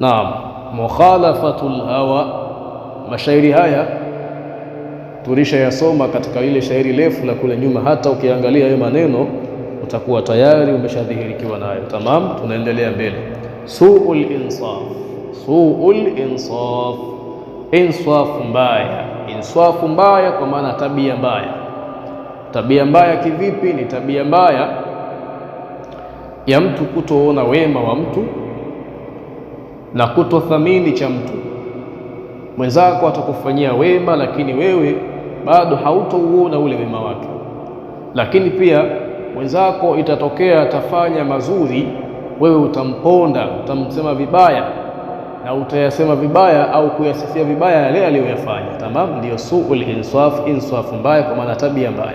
Naam, mukhalafatul hawa. Mashairi haya tulishayasoma katika ile shairi refu la kule nyuma, hata ukiangalia hayo maneno utakuwa tayari umeshadhihirikiwa nayo. Tamam, tunaendelea mbele. Suul insaf, suul insaf, insafu mbaya, insafu mbaya kwa maana tabia mbaya. Tabia mbaya kivipi? Ni tabia mbaya ya mtu kutoona wema wa mtu na kutothamini cha mtu mwenzako. Atakufanyia wema, lakini wewe bado hautouona ule wema wake. Lakini pia mwenzako itatokea atafanya mazuri, wewe utamponda, utamsema vibaya na utayasema vibaya au kuyasifia vibaya yale aliyoyafanya. Tamam, ndiyo suul insaf, insafu mbaya, kwa maana tabia mbaya.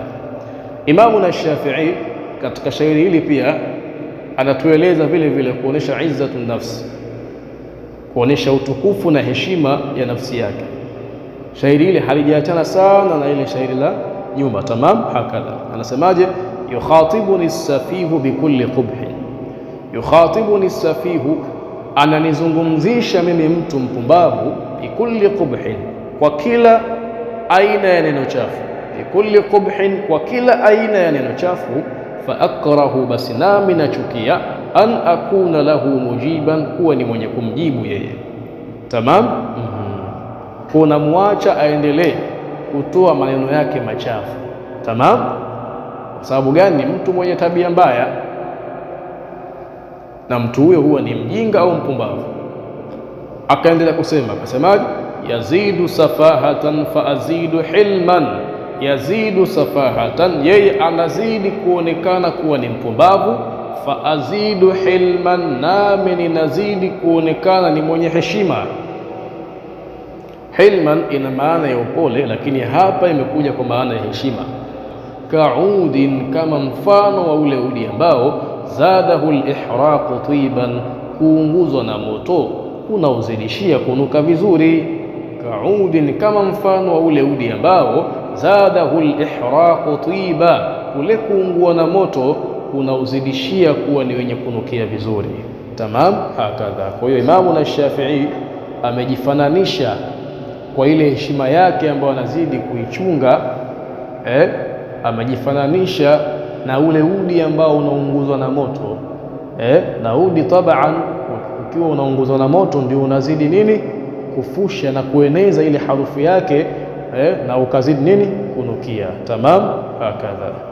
Imamu na Shafi'i katika shairi hili pia anatueleza vile vile kuonesha izzatun nafsi kuonesha utukufu na heshima ya nafsi yake. Shairi ile halijaachana sana na ile shairi la nyuma. Tamam, hakadha anasemaje? yukhatibuni safihu bikulli qubhi, yukhatibuni safihu, ananizungumzisha mimi mtu mpumbavu. Bikulli qubhin, kwa kila aina ya neno chafu. Bikulli qubhin, kwa kila aina ya neno chafu. Fa akrahu, basi nami nachukia an akuna lahu mujiban, kuwa ni mwenye kumjibu yeye. Tamam, mhm. kuna mwacha aendelee kutoa maneno yake machafu. Tamam, kwa sababu gani? Ni mtu mwenye tabia mbaya, na mtu huyo huwa ni mjinga au mpumbavu. Akaendelea kusema, akasemaje? yazidu safahatan fa azidu hilman yazidu safahatan, yeye anazidi kuonekana kuwa ni mpumbavu fa azidu hilman, nami ninazidi kuonekana ni mwenye heshima. Hilman ina maana ya upole, lakini hapa imekuja kwa maana ya heshima. Kaudin, kama mfano wa ule udi ambao zadahu lihraqu tiban, kuunguzwa na moto unaozidishia kunuka vizuri. Kaudin, kama mfano wa ule udi ambao zadahu lihraqu tiba, kule kuungua na moto unauzidishia kuwa ni wenye kunukia vizuri. Tamam, hakadha. Kwa hiyo Imamu na Shafi'i amejifananisha kwa ile heshima yake ambayo anazidi kuichunga eh, amejifananisha na ule udi ambao unaunguzwa na moto eh, na udi tabaan, ukiwa unaunguzwa na moto ndio unazidi nini kufusha na kueneza ile harufu yake eh, na ukazidi nini kunukia. Tamam, hakadha.